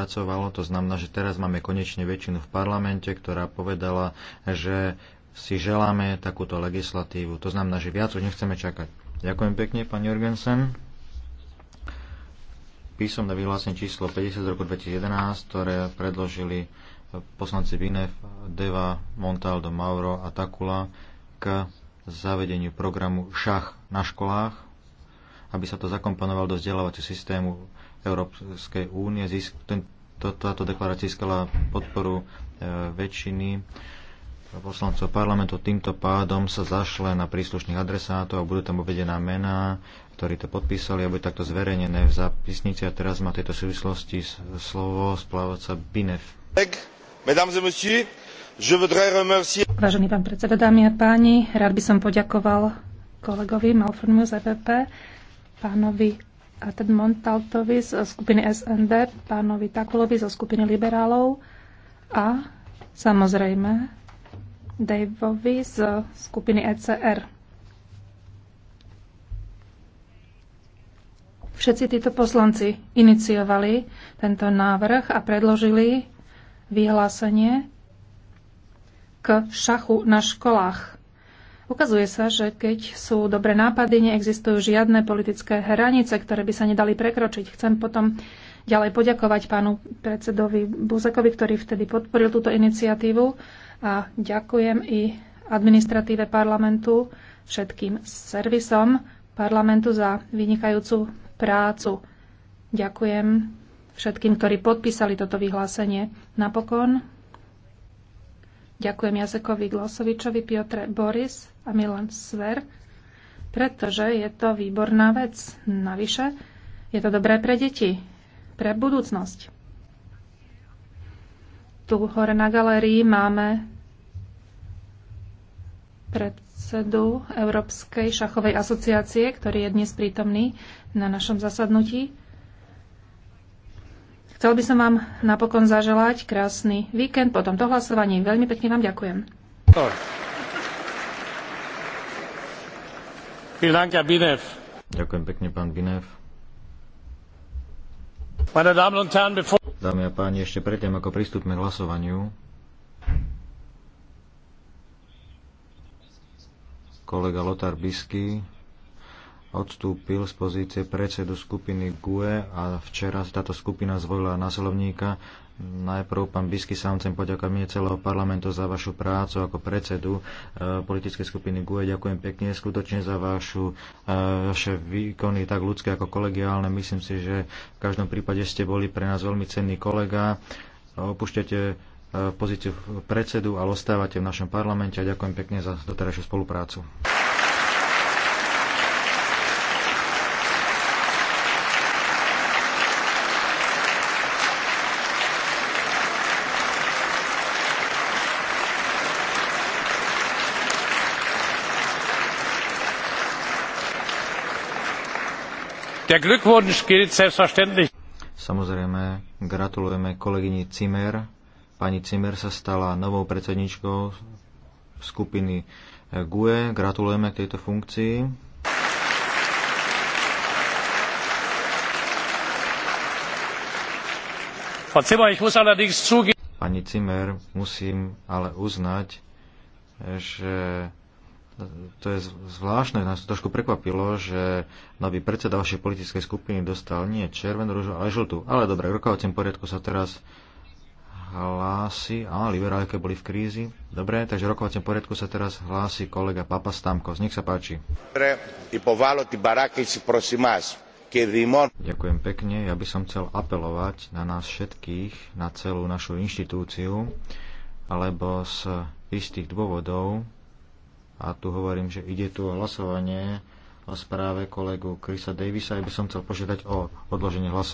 spracovalo. To znamená, že teraz máme konečne väčšinu v parlamente, ktorá povedala, že si želáme takúto legislatívu. To znamená, že viac už nechceme čakať. Ďakujem pekne, pani Jorgensen. na vyhlásenie číslo 50 z roku 2011, ktoré predložili poslanci Vinev, Deva, Montaldo, Mauro a Takula k zavedeniu programu šach na školách aby sa to zakomponovalo do vzdelávacieho systému Európskej únie. táto deklarácia získala podporu e, väčšiny poslancov parlamentu. Týmto pádom sa zašle na príslušných adresátov a budú tam uvedená mená, ktorí to podpísali a bude takto zverejnené v zápisnici. A teraz má tieto súvislosti slovo splávaca Binev. Vážený pán predseda, dámy a páni, rád by som poďakoval kolegovi Malformu z EPP pánovi Ted Montaltovi z skupiny SND, pánovi Takulovi zo skupiny liberálov a samozrejme Daveovi z skupiny ECR. Všetci títo poslanci iniciovali tento návrh a predložili vyhlásenie k šachu na školách. Ukazuje sa, že keď sú dobré nápady, neexistujú žiadne politické hranice, ktoré by sa nedali prekročiť. Chcem potom ďalej poďakovať pánu predsedovi Buzekovi, ktorý vtedy podporil túto iniciatívu a ďakujem i administratíve parlamentu, všetkým servisom parlamentu za vynikajúcu prácu. Ďakujem všetkým, ktorí podpísali toto vyhlásenie. Napokon Ďakujem Jazekovi Glosovičovi, Piotre Boris a Milan Sver, pretože je to výborná vec. Navyše, je to dobré pre deti, pre budúcnosť. Tu hore na galérii máme predsedu Európskej šachovej asociácie, ktorý je dnes prítomný na našom zasadnutí. Chcel by som vám napokon zaželať krásny víkend po tomto hlasovaní. Veľmi pekne vám ďakujem. Ďakujem pekne, pán Binev. Dámy a páni, ešte predtým, ako pristúpme k hlasovaniu, kolega Lothar Bisky odstúpil z pozície predsedu skupiny GUE a včera táto skupina zvolila následovníka. Najprv pán Bisky sám chcem poďakovať mne celého parlamentu za vašu prácu ako predsedu e, politickej skupiny GUE. Ďakujem pekne skutočne za vašu, e, vaše výkony, tak ľudské ako kolegiálne. Myslím si, že v každom prípade ste boli pre nás veľmi cenný kolega. Opúšťate e, pozíciu predsedu, ale ostávate v našom parlamente a ďakujem pekne za doterajšiu spoluprácu. Der Glückwunsch gilt selbstverständlich. Samozrejme, gratulujeme kolegyni Cimer. Pani Zimmer sa stala novou predsedničkou skupiny eh, GUE. Gratulujeme k tejto funkcii. Pani Cimer, musím ale uznať, eh, že to je zvláštne, nás to trošku prekvapilo, že nový predseda vašej politickej skupiny dostal nie červenú rúžu, ale žltú. Ale dobre, v rokovacím poriadku sa teraz hlási, a liberálke boli v krízi. Dobre, takže v rokovacím poriadku sa teraz hlási kolega Papa Stamkos. Nech sa páči. Ďakujem pekne. Ja by som chcel apelovať na nás všetkých, na celú našu inštitúciu, alebo z istých dôvodov a tu hovorím, že ide tu o hlasovanie o správe kolegu Krisa Davisa, aby som chcel požiadať o odloženie hlasovania.